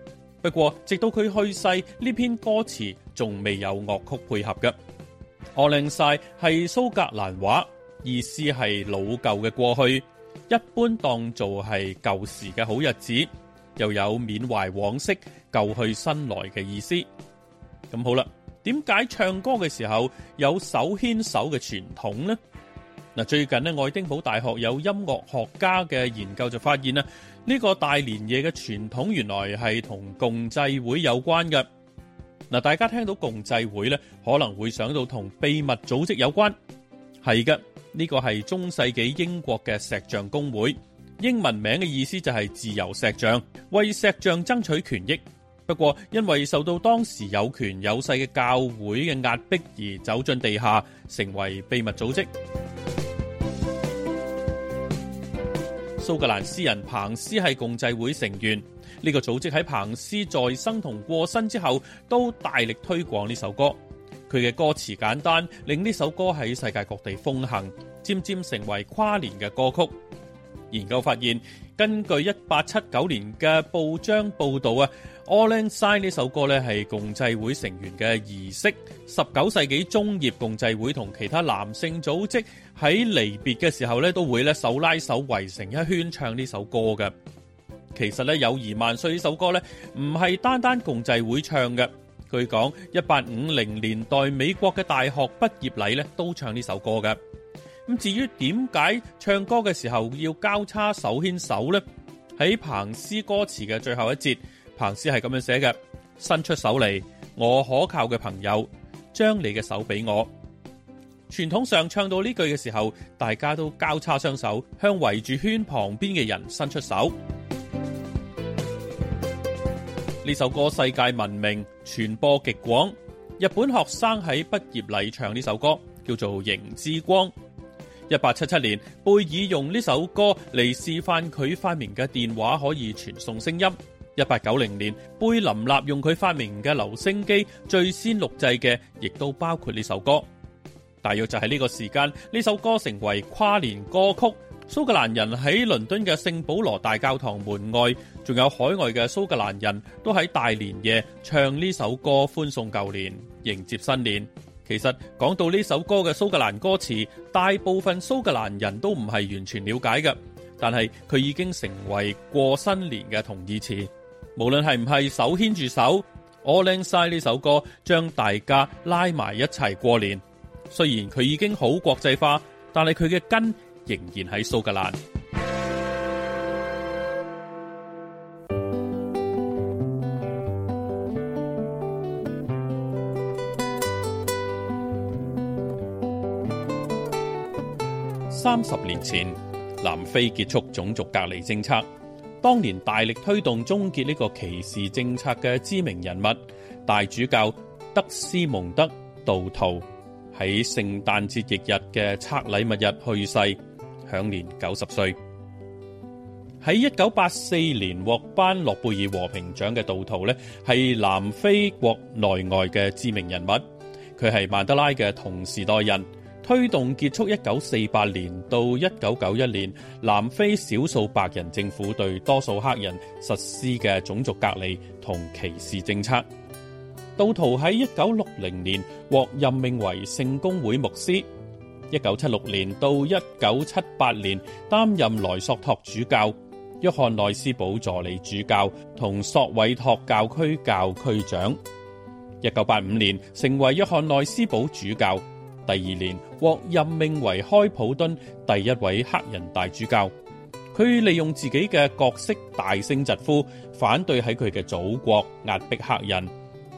Speaker 1: 不過，直到佢去世，呢篇歌詞仲未有樂曲配合嘅。Auld Lang Syne 係蘇格蘭話，意思係老舊嘅過去，一般當做係舊時嘅好日子，又有緬懷往昔、舊去新來嘅意思。咁好啦，點解唱歌嘅時候有手牽手嘅傳統呢？嗱，最近咧，愛丁堡大學有音樂學家嘅研究就發現呢個大年夜嘅傳統原來係同共濟會有關嘅。嗱，大家聽到共濟會呢，可能會想到同秘密組織有關。係嘅，呢個係中世紀英國嘅石匠公會，英文名嘅意思就係自由石匠，為石匠爭取權益。不過因為受到當時有權有勢嘅教會嘅壓迫而走進地下，成為秘密組織。蘇格蘭詩人彭斯係共濟會成員，呢、這個組織喺彭斯在生同過身之後，都大力推廣呢首歌。佢嘅歌詞簡單，令呢首歌喺世界各地風行，漸漸成為跨年嘅歌曲。研究發現，根據一八七九年嘅報章報道啊。Auld Lang Syne 呢首歌呢，係共濟會成員嘅儀式。十九世紀中葉，共濟會同其他男性組織喺離別嘅時候呢，都會咧手拉手圍成一圈唱呢首歌嘅。其實呢，友誼萬歲呢首歌呢，唔係單單共濟會唱嘅。據講，一八五零年代美國嘅大學畢業禮呢，都唱呢首歌嘅。咁至於點解唱歌嘅時候要交叉手牽手呢？喺彭斯歌詞嘅最後一節。彭斯係咁樣寫嘅，伸出手嚟，我可靠嘅朋友，將你嘅手俾我。傳統上唱到呢句嘅時候，大家都交叉雙手，向圍住圈旁邊嘅人伸出手。呢首歌世界聞名，傳播極廣。日本學生喺畢業禮唱呢首歌，叫做《迎之光》。一八七七年，貝爾用呢首歌嚟示範佢發明嘅電話可以傳送聲音。一八九零年，貝林納用佢發明嘅留聲機最先錄製嘅，亦都包括呢首歌。大約就喺呢個時間，呢首歌成為跨年歌曲。蘇格蘭人喺倫敦嘅聖保羅大教堂門外，仲有海外嘅蘇格蘭人都喺大年夜唱呢首歌，歡送舊年，迎接新年。其實講到呢首歌嘅蘇格蘭歌詞，大部分蘇格蘭人都唔係完全了解嘅，但係佢已經成為過新年嘅同義詞。無論係唔係手牽住手，Auld Lang Syne 呢首歌將大家拉埋一齊過年。雖然佢已經好國際化，但係佢嘅根仍然喺蘇格蘭。三十年前，南非結束種族隔離政策。當年大力推動終結呢個歧視政策嘅知名人物，大主教德斯蒙德杜圖喺聖誕節翌日嘅拆禮物日去世，享年九十歲。喺一九八四年獲頒諾貝爾和平獎嘅杜圖呢，係南非國內外嘅知名人物，佢係曼德拉嘅同時代人，推動結束一九四八年到一九九一年南非少數白人政府對多數黑人實施嘅種族隔離同歧視政策。杜圖喺一九六零年獲任命為聖公會牧師，一九七六年到一九七八年擔任萊索托主教，約翰內斯堡助理主教同索韋托教區教區長，一九八五年成為約翰內斯堡主教。第二年獲任命為開普敦第一位黑人大主教，佢利用自己嘅角色大聲疾呼反對喺佢嘅祖國壓迫黑人。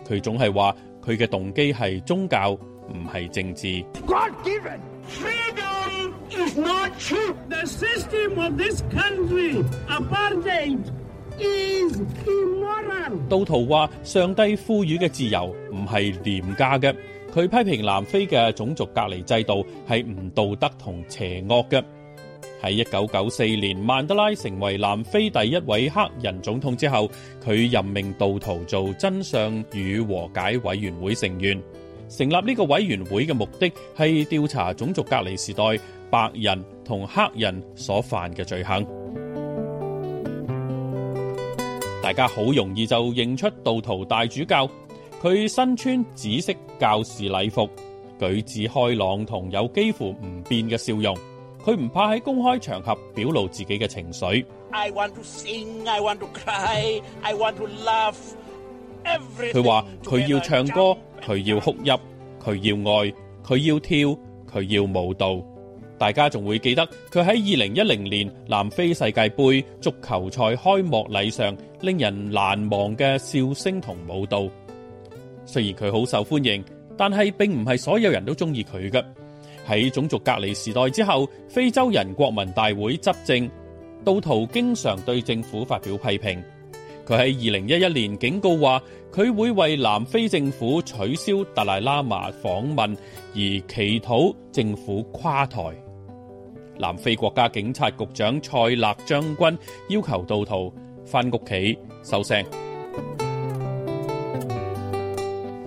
Speaker 1: 佢總係話佢嘅動機係宗教，唔係政治。杜圖話上帝賦予嘅自由唔係廉價嘅。佢批評南非嘅種族隔離制度係唔道德同邪惡嘅。喺一九九四年，曼德拉成為南非第一位黑人總統之後，佢任命杜圖做真相與和解委員會成員。成立呢個委員會嘅目的係調查種族隔離時代白人同黑人所犯嘅罪行。大家好容易就認出杜圖大主教。佢身穿紫色教士禮服，舉止開朗同有幾乎唔變嘅笑容，佢唔怕喺公開場合表露自己嘅情緒，I
Speaker 2: want to sing, I want to cry, I want to love，佢話佢要唱歌，
Speaker 1: 佢要哭泣，佢要愛，佢要跳，佢要舞蹈。大家仲會記得佢喺2010年南非世界盃足球賽開幕禮上令人難忘嘅笑聲同舞蹈。雖然佢好受歡迎，但係並唔係所有人都中意佢嘅。喺種族隔離時代之後，非洲人國民大會執政，杜圖經常對政府發表批評。佢喺二零一一年警告話，佢會為南非政府取消達賴喇嘛訪問而祈禱政府垮台。南非國家警察局長塞勒將軍要求杜圖返屋企收聲。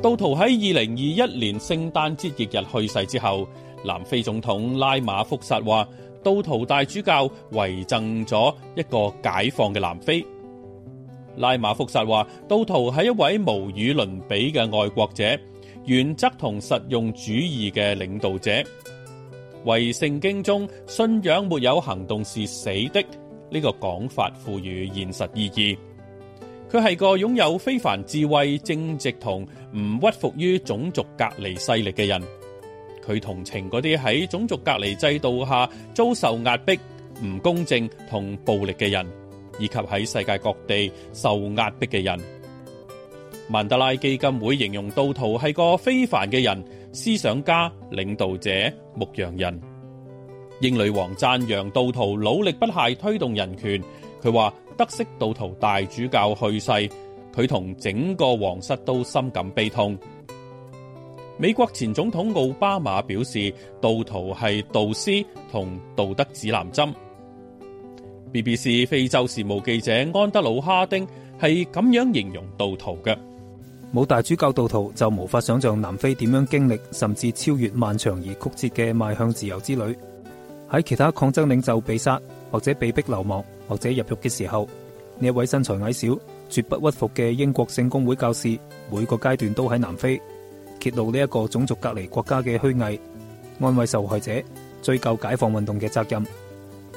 Speaker 1: 杜圖喺二零二一年聖誕節翌日去世之後，南非總統拉馬福薩話，杜圖大主教為贈咗一個解放嘅南非。拉馬福薩話，杜圖係一位無與倫比嘅愛國者，原則同實用主義嘅領導者為，為聖經中信仰沒有行動是死的呢個講法賦予現實意義。佢係個擁有非凡智慧、正直同。唔屈服於種族隔離勢力嘅人，佢同情嗰啲喺種族隔離制度下遭受壓迫、唔公正同暴力嘅人，以及喺世界各地受壓迫嘅人。曼德拉基金會形容杜圖係個非凡嘅人，思想家、領導者、牧羊人。英女王讚揚杜圖努力不懈推動人權。佢話得悉杜圖大主教去世。佢同整個皇室都深感悲痛。美國前總統奧巴馬表示，杜圖係導師同道德指南針。BBC 非洲事務記者安德魯哈丁係咁樣形容杜圖嘅：
Speaker 5: 冇大主教杜圖就無法想像南非點樣經歷甚至超越漫長而曲折嘅邁向自由之旅。喺其他抗爭領袖被殺或者被逼流亡或者入獄嘅時候，呢位身材矮小，絕不屈服嘅英國聖公會教士，每個階段都喺南非揭露呢一個種族隔離國家嘅虛偽，安慰受害者，追究解放運動嘅責任，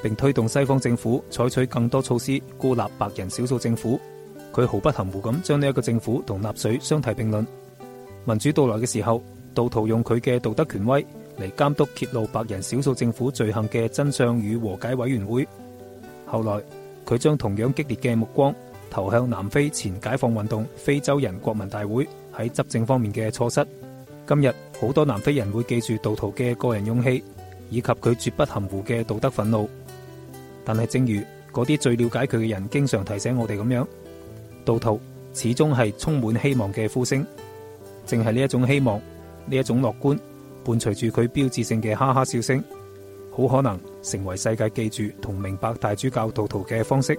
Speaker 5: 並推動西方政府採取更多措施孤立白人少數政府。佢毫不含糊咁將呢一個政府同納粹相提並論。民主到來嘅時候，杜圖用佢嘅道德權威嚟監督揭露白人少數政府罪行嘅真相與和解委員會。後來佢將同樣激烈嘅目光。投向南非前解放運動非洲人國民大會喺執政方面嘅錯失。今日好多南非人會記住杜圖嘅個人勇氣，以及佢絕不含糊嘅道德憤怒。但係正如嗰啲最了解佢嘅人經常提醒我哋咁樣，杜圖始終係充滿希望嘅呼聲。正係呢一種希望，呢一種樂觀，伴隨住佢標誌性嘅哈哈笑聲，好可能成為世界記住同明白大主教杜圖嘅方式。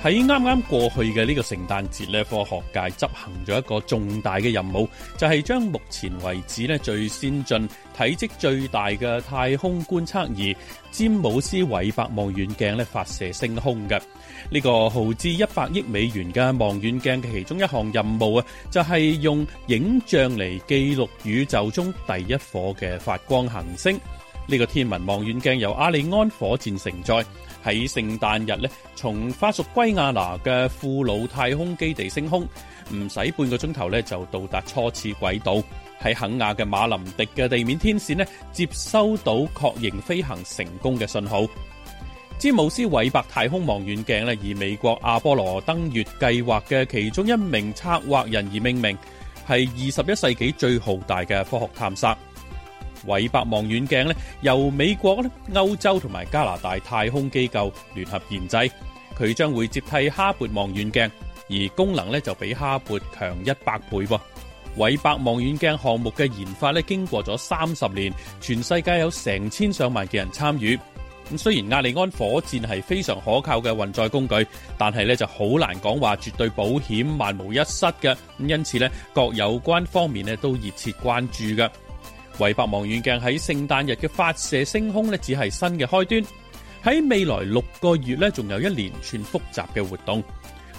Speaker 1: 喺啱啱過去嘅呢個聖誕節呢，科學界執行咗一個重大嘅任務，就係將目前為止最先進、體積最大嘅太空觀測儀詹姆斯韋伯望遠鏡呢，發射升空嘅。呢個耗資一百億美元嘅望遠鏡嘅其中一項任務啊，就係用影像嚟記錄宇宙中第一顆嘅發光行星。呢個天文望遠鏡由阿里安火箭承載。喺聖誕日呢從法屬圭亞拿嘅庫魯太空基地升空，唔使半個鐘頭呢就到達初次軌道，喺肯亞嘅馬林迪嘅地面天線呢接收到確認飛行成功嘅信號。詹姆斯韋伯太空望遠鏡呢以美國阿波羅登月計劃嘅其中一名策劃人而命名，係二十一世紀最浩大嘅科學探索。韋伯望遠鏡咧由美國咧、歐洲同埋加拿大太空機構聯合研製，佢將會接替哈勃望遠鏡，而功能咧就比哈勃強一百倍。韋伯望遠鏡項目嘅研發咧經過咗三十年，全世界有成千上萬嘅人參與。咁雖然阿利安火箭係非常可靠嘅運載工具，但係咧就好難講話絕對保險、萬無一失嘅。咁因此咧，各有關方面咧都熱切關注嘅。韋伯望遠鏡喺聖誕日嘅發射升空呢只係新嘅開端。喺未來六個月呢，仲有一連串複雜嘅活動。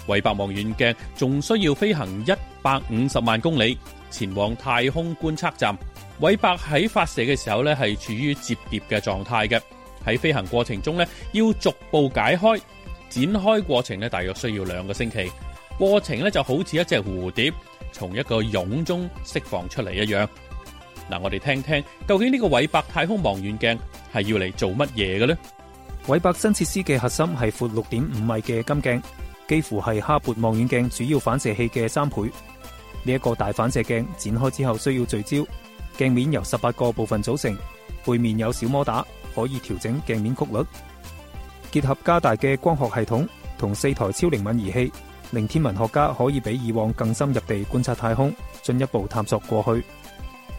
Speaker 1: 韋伯望遠鏡仲需要飛行一百五十萬公里，前往太空觀測站。韋伯喺發射嘅時候呢，係處於摺疊嘅狀態嘅。喺飛行過程中呢，要逐步解開，展開過程呢，大約需要兩個星期。過程呢就好似一隻蝴蝶從一個蛹中釋放出嚟一樣。嗱，我哋聽聽
Speaker 5: 究竟呢個韋伯太空望遠鏡係要嚟做乜嘢嘅咧？韋伯新設施嘅核心係闊六點五米嘅金鏡，幾乎係哈勃望遠鏡主要反射器嘅三倍。呢一個大反射鏡展開之後需要聚焦，鏡面由十八個部分組成，背面有小摩打可以調整鏡面曲率，結合加大嘅光學系統同四台超靈敏儀器，令天文學家可以比以往更深入地觀察太空，進一步探索過去。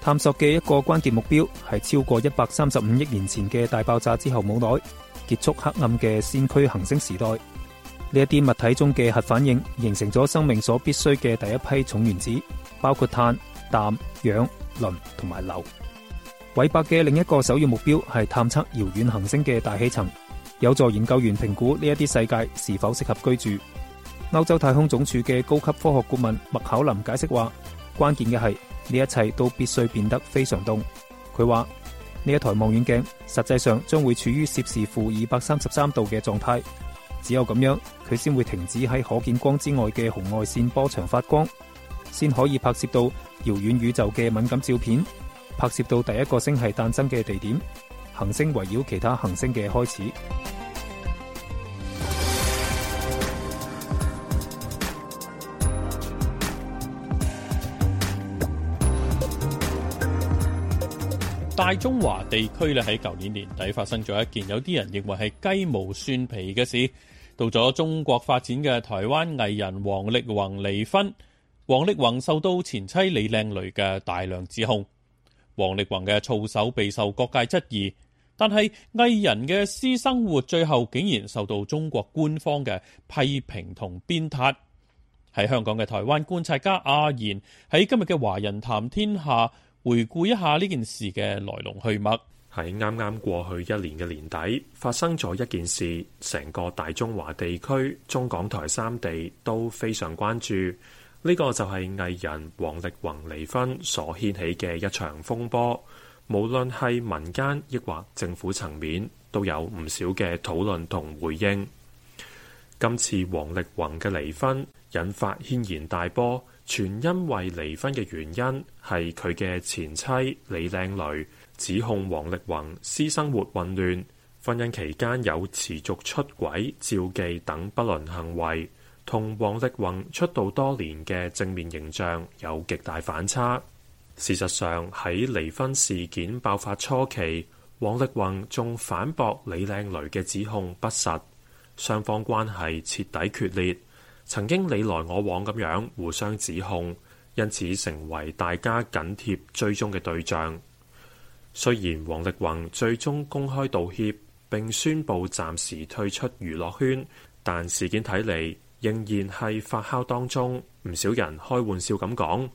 Speaker 5: 探索嘅一個關鍵目標係超過一百三十五億年前嘅大爆炸之後冇耐結束黑暗嘅先驅恆星時代，呢一啲物體中嘅核反應形成咗生命所必須嘅第一批重原子，包括碳、氮、氧、磷同埋硫。韋伯嘅另一個首要目標係探測遙遠行星嘅大氣層，有助研究員評估呢一啲世界是否適合居住。歐洲太空總署嘅高級科學顧問麥考林解釋話：，關鍵嘅係。呢一切都必須變得非常凍。佢話，呢一台望遠鏡實際上將會處於攝氏負二百三十三度嘅狀態，只有咁樣佢先會停止喺可見光之外嘅紅外線波長發光，先可以拍攝到遙遠宇宙嘅敏感照片，拍攝到第一個星系誕生嘅地點，行星圍繞其他行星嘅開始。
Speaker 1: 大中華地區咧，喺舊年年底發生咗一件，有啲人認為係雞毛蒜皮嘅事。到咗中國發展嘅台灣藝人王力宏離婚，王力宏受到前妻李靚蕾嘅大量指控，王力宏嘅操守備受各界質疑。但係藝人嘅私生活最後竟然受到中國官方嘅批評同鞭撻。喺香港嘅台灣觀察家阿賢喺今日嘅華人談天下，回顧一下呢件事嘅來龍去脈。喺啱啱過去一年嘅年底，發生咗一件事，
Speaker 3: 成個大中華地區，中港台三地都非常關注。呢、這個就係藝人王力宏離婚所掀起嘅一場風波。無論係民間抑或政府層面，都有唔少嘅討論同回應。今次王力宏嘅離婚引發軒然大波。全因為離婚嘅原因係佢嘅前妻李靚蕾指控王力宏私生活混亂，婚姻期間有持續出軌、召妓等不倫行為，同王力宏出道多年嘅正面形象有極大反差。事實上喺離婚事件爆發初期，王力宏仲反駁李靚蕾嘅指控不實，雙方關係徹底決裂。曾經你來我往咁樣互相指控，因此成為大家緊貼追蹤嘅對象。雖然王力宏最終公開道歉並宣布暫時退出娛樂圈，但事件睇嚟仍然係發酵當中。唔少人開玩笑咁講，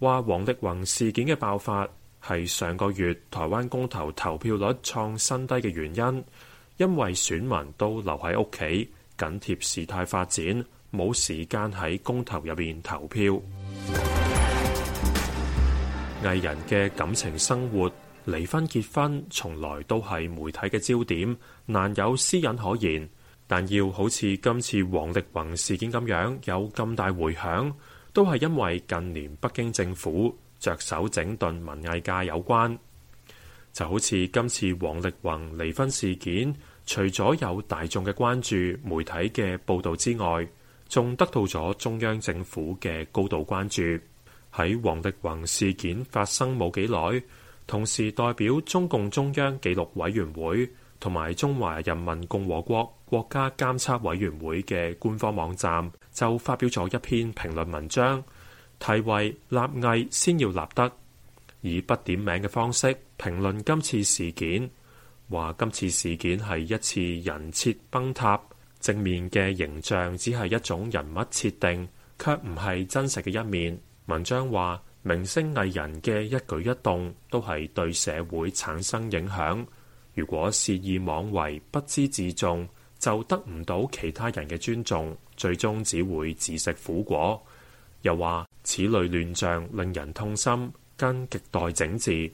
Speaker 3: 話王力宏事件嘅爆發係上個月台灣公投投票率創新低嘅原因，因為選民都留喺屋企緊貼事態發展。冇時間喺公投入面投票。藝人嘅感情生活、離婚結婚，從來都係媒體嘅焦點，難有私隱可言。但要好似今次王力宏事件咁樣有咁大迴響，都係因為近年北京政府着手整頓文藝界有關。就好似今次王力宏離婚事件，除咗有大眾嘅關注、媒體嘅報導之外。仲得到咗中央政府嘅高度關注，喺王力宏事件發生冇幾耐，同時代表中共中央紀律委員會同埋中華人民共和國國家監察委員會嘅官方網站就發表咗一篇評論文章，題為《立藝先要立德》，以不點名嘅方式評論今次事件，話今次事件係一次人設崩塌。正面嘅形象只係一種人物設定，卻唔係真實嘅一面。文章話，明星藝人嘅一舉一動都係對社會產生影響。如果肆意妄為、不知自重，就得唔到其他人嘅尊重，最終只會自食苦果。又話，此類亂象令人痛心，跟亟待整治。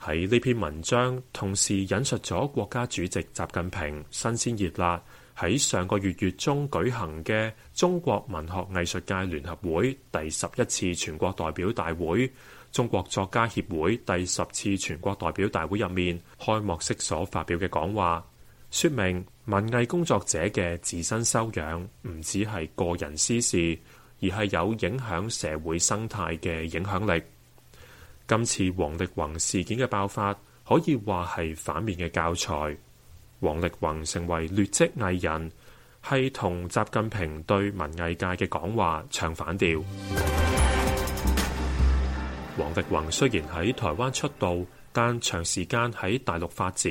Speaker 3: 喺呢篇文章，同時引述咗國家主席習近平新鮮熱辣。喺上個月月中舉行嘅中國文學藝術界聯合會第十一次全國代表大會、中國作家協會第十次全國代表大會入面，開幕式所發表嘅講話，說明文藝工作者嘅自身修養唔只係個人私事，而係有影響社會生態嘅影響力。今次王力宏事件嘅爆發，可以話係反面嘅教材。王力宏成為劣跡藝人，係同習近平對文藝界嘅講話唱反調。王力宏雖然喺台灣出道，但長時間喺大陸發展，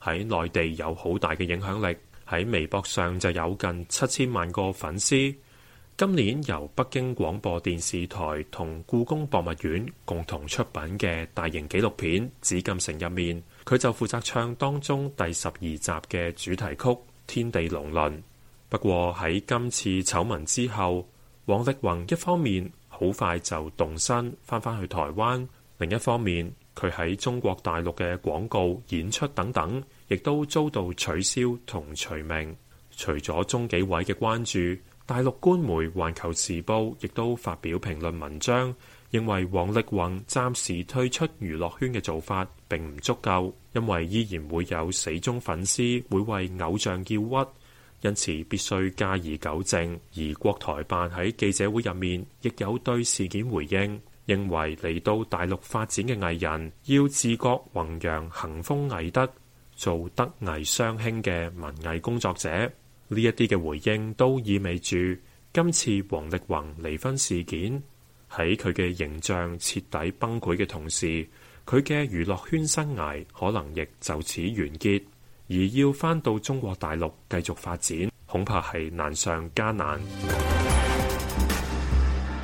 Speaker 3: 喺內地有好大嘅影響力。喺微博上就有近七千萬個粉絲。今年由北京廣播電視台同故宮博物院共同出品嘅大型紀錄片《紫禁城》入面。佢就負責唱當中第十二集嘅主題曲《天地龍鱗》。不過喺今次醜聞之後，王力宏一方面好快就動身翻返去台灣，另一方面佢喺中國大陸嘅廣告、演出等等，亦都遭到取消同除名。除咗中紀委嘅關注，大陸官媒《環球時報》亦都發表評論文章，認為王力宏暫時退出娛樂圈嘅做法，並唔足夠，因為依然會有死忠粉絲會為偶像叫屈，因此必須加以糾正。而國台辦喺記者會入面亦有對事件回應，認為嚟到大陸發展嘅藝人要自覺弘揚行風藝德，做德藝雙馨嘅文藝工作者。呢一啲嘅回應都意味住，今次王力宏離婚事件喺佢嘅形象徹底崩潰嘅同時。佢嘅娛樂圈生涯可能亦就此完結，而要翻到中國大陸
Speaker 1: 繼續發展，恐怕係難上加難。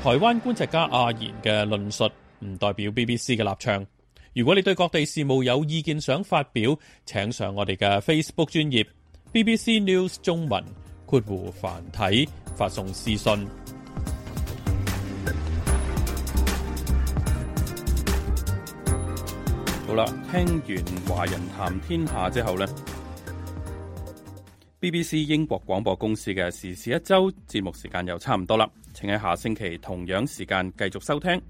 Speaker 1: 台灣觀察家阿賢嘅論述唔代表 BBC 嘅立場。如果你對各地事務有意見想發表，請上我哋嘅 Facebook 專頁 BBC News 中文括弧繁體發送私信。啦，聽完華人談天下之後呢，BBC 英國廣播公司嘅時事一周節目時間又差唔多啦，請喺下星期同樣時間繼續收聽，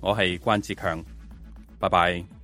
Speaker 1: 我係關志強，拜拜。